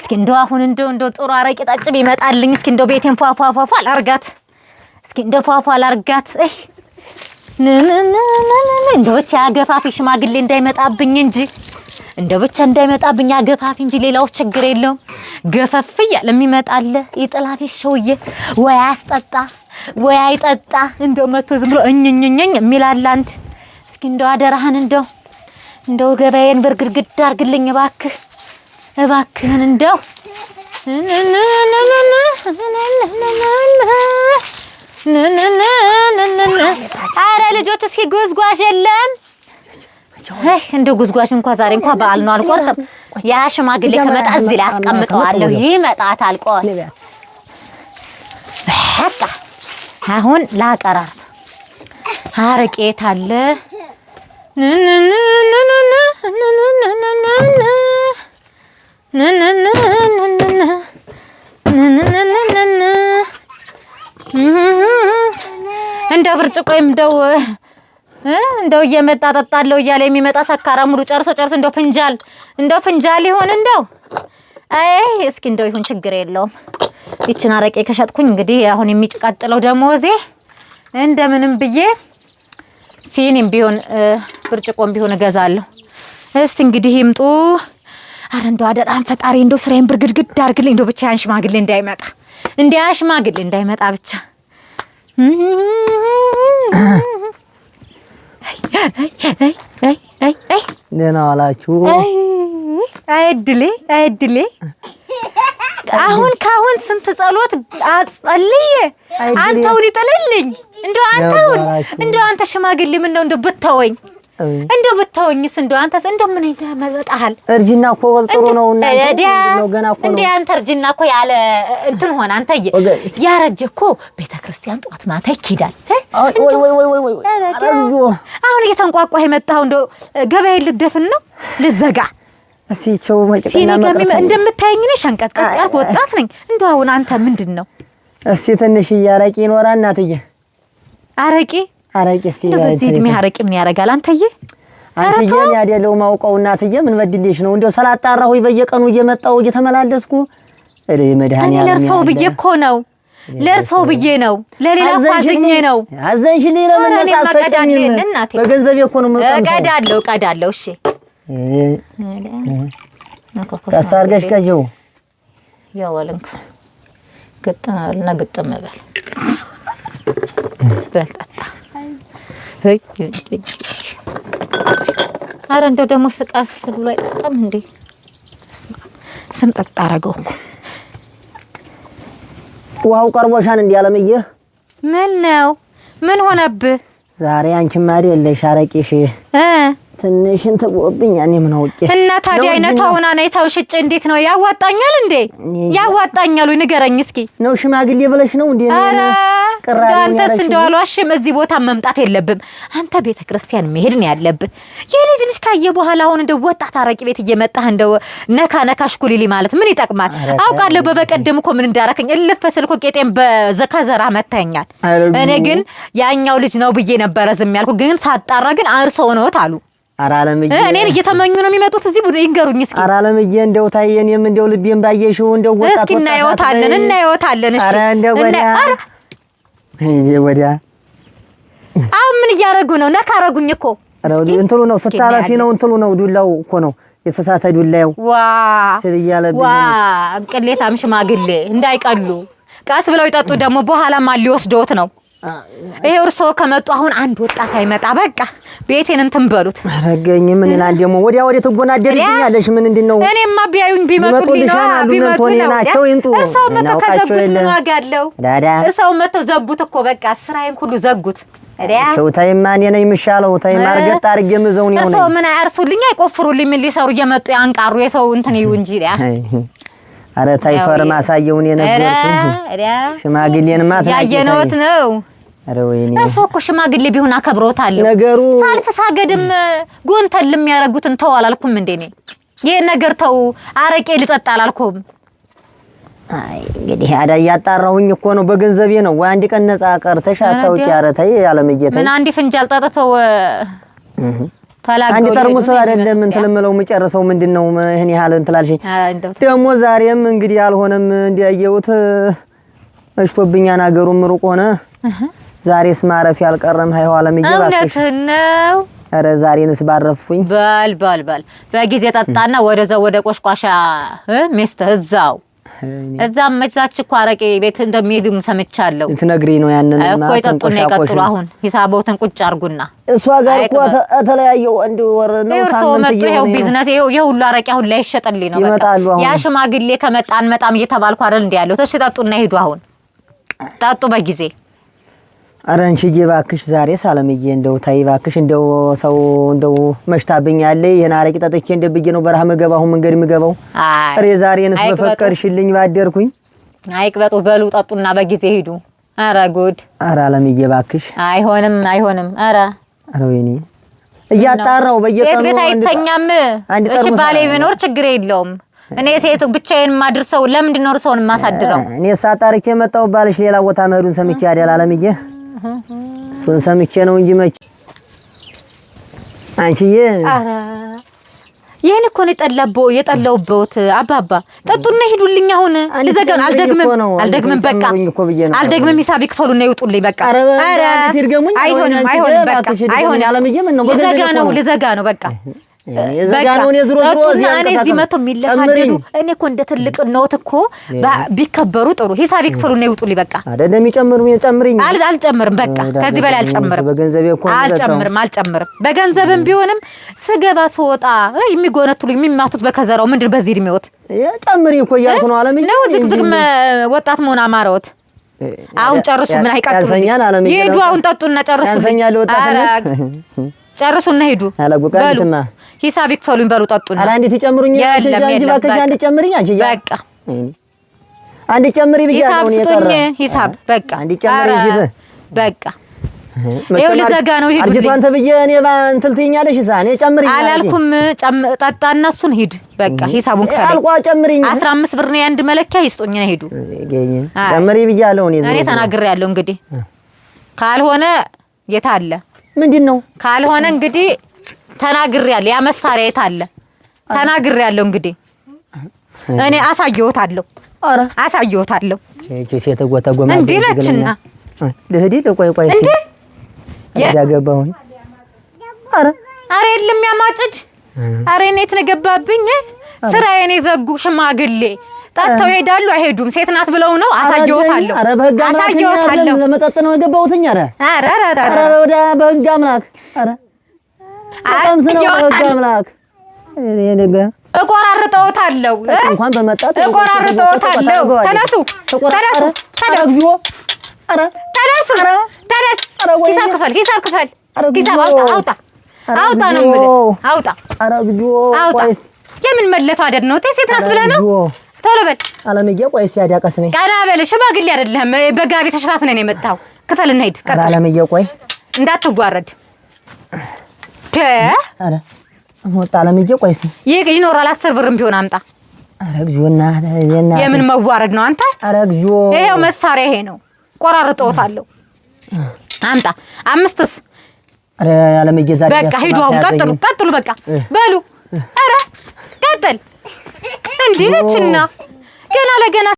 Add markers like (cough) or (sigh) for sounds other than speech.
እስኪ እንደው አሁን እንደው እንደው ጥሩ አረቄ ጠጭ ቢመጣልኝ እስኪ እንደው ቤቴን ፏፏ አላርጋት እስኪ እንደው ፏፏ አላርጋት። እንደው ብቻ ሽማግሌ እንዳይመጣብኝ እንጂ እንደው ብቻ እንዳይመጣብኝ ያገፋፊ እንጂ ሌላውስ ችግር የለውም። ገፈፍ እያለ የሚመጣለ ሸውዬ ወይ ወይ አይጠጣ እንደው መቶ ዝም ብሎ እኝኝኝኝ የሚላል አንድ እስኪ እንደው አደራህን እንደው እንደው ገበያዬን በርግድግድ አርግልኝ እባክህ። እባክህን እንደው አረ ልጆት እስኪ ጉዝጓዥ የለም። እንደ ጉዝጓዥ እንኳ ዛሬ እንኳ በዓል ነው አልቆርጥም። ያ ሽማግሌ ከመጣ እዚህ ላይ አስቀምጠዋለሁ። ይመጣት አልቆል በቃ አሁን ላቀራር አረቄት አለ እንደው ብርጭቆይም እንደው እንደው እየመጣ ጠጣለሁ እያለ የሚመጣ ሰካራም ሙሉ ጨርሶ ጨርሶ እንደው ፍንጃል እንደው ፍንጃል ይሆን እንደው አይ እስኪ እንደው ይሁን ችግር የለውም። ይችን አረቄ ከሸጥኩኝ እንግዲህ አሁን የሚቀጥለው ደሞዜ እንደምንም ብዬ ሲኒም ቢሆን ብርጭቆም ቢሆን እገዛለሁ። እስቲ እንግዲህ ይምጡ። አረ እንደው አደራን ፈጣሪ እንደው ስራዬን ብርግድግድ አድርግልኝ። እንደው ብቻ ያን ሽማግሌ እንዳይመጣ እንደ ያን ሽማግሌ እንዳይመጣ ብቻ ደህና ዋላችሁ። አይ እድሌ፣ አሁን ካሁን ስንት ጸሎት አጸልዬ አንተውን ይጥልልኝ። እንደው አንተውን እንደው አንተ ሽማግሌ ምን ነው እንደው ብታወኝ እንደው ብታወኝስ እንደው አንተስ እንደው ምን ይመጣሃል? እርጅና እኮ ጥሩ ነው እና እንደው ገና እኮ ነው አንተ እርጅና እኮ ያለ እንትን ሆነ። አንተዬ ያረጀ እኮ ቤተ ክርስቲያን ጧት ማታ ይኬዳል። አሁን እየተንቋቋህ የመጣው እንደው ገበያ ልደፍን ነው ልዘጋ ሲቸው መጨቀና እንደምታየኝ ነሽ ሸንቀጥቀጥ ያልኩ ወጣት ነኝ። እንደው አሁን አንተ ምንድን ነው እስኪ ትንሽ አረቄ ይኖራ እናትዬ አረቂ አረቄ እስቲ በዚህ እድሜ አረቄ ምን ያደርጋል? አንተዬ አንተዬ ያደለው ማውቀው እናትዬ ምን በድልሽ ነው እንዴው ሰላጣራ ሆይ በየቀኑ እየመጣው እየተመላለስኩ እኔ መድሃኒያ እኔ ለእርሰው ብዬ እኮ ነው ለእርሰው ብዬ ነው ለሌላ ፋዝኜ ነው አዘንሽ ሌላ ምን ታሰጨኝ እናቴ በገንዘብ እኮ ነው መጣው እቀዳለሁ እቀዳለሁ እሺ ታሳርገሽ ከጂው ያወልንኩ ግጥም አልና ግጥም በል በል ጠጣ አረ እንደው ደግሞ ስቃስ ብሎ አይጠጣም እንዴ? ስም ጠጣ አረገው እኮ ውሃው ቀርቦሻን እንዲህ አለምዬ፣ ምን ነው ምን ሆነብህ ዛሬ? አንቺማ አይደለሽ አረቂሽ ትንሽን ተቆብኝ ያኔ ምን አውቄ እና ታዲያ አይነታውና አይታው ሽጬ እንዴት ነው ያዋጣኛል? እንዴ ያዋጣኛሉ ንገረኝ እስኪ። ነው ሽማግሌ ብለሽ ነው እንዴ? ኧረ አንተስ እንደው አልዋሽም። እዚህ ቦታ መምጣት የለብም አንተ ቤተ ክርስቲያን መሄድ ነው ያለብህ። የልጅ ልጅ ካየ በኋላ አሁን እንደው ወጣት አረቂ ቤት እየመጣህ እንደው ነካ ነካ ሽኩሊሊ ማለት ምን ይጠቅማል? አውቃለሁ። በበቀደም እኮ ምን እንዳረከኝ እልፍ ስል እኮ ቄጤም በዘካዘራ መታኛል። እኔ ግን ያኛው ልጅ ነው ብዬ ነበረ ዝም ያልኩ፣ ግን ሳጣራ ግን አርሰው ነዎት አሉ እኔን እየተመኙ ነው የሚመጡት። እዚህ ቡድ ይንገሩኝ እስኪ። ኧረ አለምዬ እንደው ታየንም እንደው ልቤን ባየሽው እንደው ወጣ እስኪ እናየዋታለን እናየዋታለን። እሺ እንደው ወዳ ወዳ አሁን ምን እያረጉ ነው? ነካ አረጉኝ እኮ እንትኑ ነው ስታላፊ ነው እንትኑ ነው ዱላው እኮ ነው የተሳተ ዱላው። ዋ ዋ ቅሌታም ሽማግሌ እንዳይቀሉ ቀስ ብለው ይጠጡ። ደግሞ በኋላማ ሊወስዶት ነው ይሄ እርስዎ ከመጡ አሁን አንድ ወጣት አይመጣ። በቃ ቤቴን እንትን በሉት። አረገኝ ምን ይላል ደግሞ ወዲያ ወዲያ ትጎናደድኛለሽ። ምን እንድን ነው? እኔማ ቢያዩኝ ቢመጡልኝ ናቸው ይንጡ። እርሰው መጥተው ከዘጉት ምን ዋጋ አለው? እርሰው መጥተው ዘጉት እኮ በቃ ስራዬን ሁሉ ዘጉት። ሰው ታይማ እኔ ነኝ የምሻለው። ታይማ አርገጥ አርገ ምዘውን ይሆነ እርሰው ምን አያርሱልኝ አይቆፍሩልኝ። ምን ሊሰሩ እየመጡ ያንቃሩ። የሰው እንትን ይዩ እንጂ ያ አረ ታይ ፈርማ ሳየውን የነበርኩ ሽማግሌንማ ያየነውት ነው እሱ እኮ ሽማግሌ ቢሆን አከብሮታለሁ። ነገሩ ሳልፍ ሳገድም ጎንተልም የሚያረጉትን ተው አላልኩም እንዴ? እኔ ይሄ ነገር ተው አረቄ ልጠጣ አላልኩም። አይ እንግዲህ አዳ እያጣራሁኝ እኮ ነው፣ በገንዘቤ ነው ወይ አንድ ቀን ነፃ ቀርተሽ አታውቂ? ኧረ ተይ አለምዬ፣ ምን አንድ ፍንጃል ጠጥተው አንድ ጠርሙስ አይደለም እንትን እምለው የምጨርሰው ምንድን ነው ይሄን ያህል እንትን አልሽኝ። ደግሞ ዛሬም እንግዲህ አልሆነም እንዲያየሁት እሽቶብኛን አገሩም ሩቅ ሆነ ዛሬስ ማረፊያ አልቀረም። ሀይ ኋላም እየባክሽ ነው። ኧረ ዛሬንስ ባረፍኩኝ። በል በል በል በጊዜ ጠጣና ወደዛው ወደ ቆሽቋሻ ሚስት እዛው እዛም መችላች እኮ አረቄ ቤት እንደሚሄዱም ሰምቻለሁ። ልትነግሪኝ ነው ያንን እኮ ይጠጡና ይቀጥሉ። አሁን ሂሳቦትን ቁጭ አድርጉና እሷ ጋር እኮ ተለያየው አንድ ወር ነው ሳምንት። ይሄው ቢዝነስ ይሄው ሁሉ አረቄ አሁን ላይ ይሸጥልኝ ነው በቃ። ያ ሽማግሌ ከመጣን መጣም እየተባልኩ አይደል እንዴ ያለው። ተሽ ጠጡና ይሄዱ። አሁን ጠጡ በጊዜ አረ አንቺዬ እባክሽ ዛሬ ሳለምዬ እንደው ታይ እባክሽ እንደው ሰው እንደው መሽታብኛል። ይሄን አረቂ ጠጥቼ እንደ ብዬ ነው በረሃ መገባሁ መንገድ ምገባው። አረ ዛሬ ንስ በፈቀድሽልኝ ባደርኩኝ። አይቅበጡ በሉ ጠጡና በጊዜ ሂዱ። አረ ጉድ! አረ አለምዬ እባክሽ አይሆንም፣ አይሆንም። አረ አረ ወይኔ እያጣራው በየቀኑ ቤት አይተኛም። እሺ ባሌ ቢኖር ችግር የለውም። እኔ ሴት ብቻዬን ማድር ሰው ለምንድን ነው ሰውን ማሳድረው? እኔ ሳጣርቼ መጣው ባልሽ ሌላ ቦታ መሄዱን ሰምቼ አይደል አለምዬ እሱን ሰምቼ ነው እንጂ መቼ አንቺዬ፣ ኧረ ይሄን እኮ ነው የጠላበው የጠላውበት። አባባ ጠጡና ሂዱልኝ። አሁን ልዘገን አልደግምም፣ አልደግምም፣ በቃ አልደግምም። ሂሳብ ይክፈሉና ይውጡልኝ። በቃ አይሆንም፣ አይሆንም፣ በቃ አይሆንም። ልዘጋ ነው፣ ልዘጋ ነው፣ በቃ እኔ እዚህ መቶ የሚለፋደዱ እኔ እኮ እንደ ትልቅ ኖት እኮ ቢከበሩ ጥሩ ሂሳብ ይክፈሉ ነው ይውጡልኝ። በቃ አይደለም ይጨምሩ። ጨምሪኝ። አልጨምርም። በቃ ከዚህ በላይ አልጨምርም። አልጨምርም፣ አልጨምርም። በገንዘብም ቢሆንም ስገባ ስወጣ የሚጎነትሉኝ የሚማቱት በከዘራው ምንድን በዚህ እድሜዎት ጨምሪ እኮ እያልኩ ነው። አለምዬ ነው ዝግዝግ ወጣት መሆን አማረዎት። አሁን ጨርሱ። ምን አይቀጥሉ ይሄዱ። አሁን ጠጡና ጨርሱ። (laughs) ጨርሱና ሄዱ። በሉ ሂሳብ ይክፈሉኝ። በሉ ጠጡና ኧረ አንዴ ትጨምሩኝ። የለም የለም በቃ አንዴ ጨምሪኝ። አንቺ በቃ አንዴ ጨምሪ ብያለሁ። ሂሳብ ስጡኝ። ሂሳብ በቃ አንዴ ጨምሪ። ሂሳብ በቃ ይኸው ልዘጋ ነው። ሂዱ። አርጅቷን ተብዬ እኔ እንትን ትይኛለሽ። ሂሳብ እኔ ጨምሪ አላልኩም። ጠጣና እሱን ሂድ። በቃ ሂሳቡን ክፈል። አልቋ ጨምሪኝ። አስራ አምስት ብር ነው የአንድ መለኪያ። ይስጡኝ ነው ሂዱ። ጨምሪ ብያለሁ እኔ ተናግሬያለሁ። እንግዲህ ካልሆነ የት አለ ምንድን ነው? ካልሆነ እንግዲህ ተናግሬያለሁ። ያ መሳሪያ የት አለ? ተናግሬያለሁ። እንግዲህ እኔ አሳየዎታለሁ። ኧረ አሳየዎታለሁ። እቺ ሲተጎተጎማ እንዴ ነችና ለህዲ ለቆይ ቆይ እንዴ ያዳገባሁኝ አረ አረ የለም ያማጭድ አረ እኔ የት ነው ገባብኝ? ስራዬን የዘጉ ሽማግሌ ጠጥተው ይሄዳሉ አይሄዱም? ሴት ናት ብለው ነው። አሳየዎታለሁ፣ አሳየዎታለሁ። ለመጠጥ ነው የገባሁትኝ። አረ አረ አረ አረ ወደ በህግ አምላክ፣ አረ አምላክ እቆራርጠዎታለሁ፣ እንኳን በመጣት እቆራርጠዎታለሁ። ተነሱ፣ ተነሱ፣ ተነሱ፣ ተነሱ፣ ተነስ። ሂሳብ ክፈል፣ ሂሳብ ክፈል፣ ሂሳብ አውጣ፣ አውጣ ነው የምልህ። አውጣ፣ አውጣ። የምን መለፋደድ ነው? ሴት ናት ብለህ ነው ቶሎ በል አለምዬ። ቆይ እስኪ አዳቀስ ነኝ። ቀና በል ሽማግሌ አይደለህም። በጋቢ ተሸፋፍነን የመጣኸው ክፈል፣ እንሂድ። ቀጥል አለምዬ። ቆይ እንዳትጓረድ ኧረ ወጣ አለምዬ። ቆይ እስኪ ይኖራል፣ አስር ብርም ቢሆን አምጣ። ኧረ እግዚኦ እናት፣ የምን መዋረድ ነው አንተ? ኧረ እግዚኦ፣ ይኸው መሳሪያ ይሄ ነው፣ ቆራርጠውታለሁ። አምጣ አምስትስ አለምዬ። በቃ ሂዱ አሁን፣ ቀጥሉ፣ ቀጥሉ፣ በቃ በሉ። ኧረ ቀጥል እንዴ ነችና ገና ለገና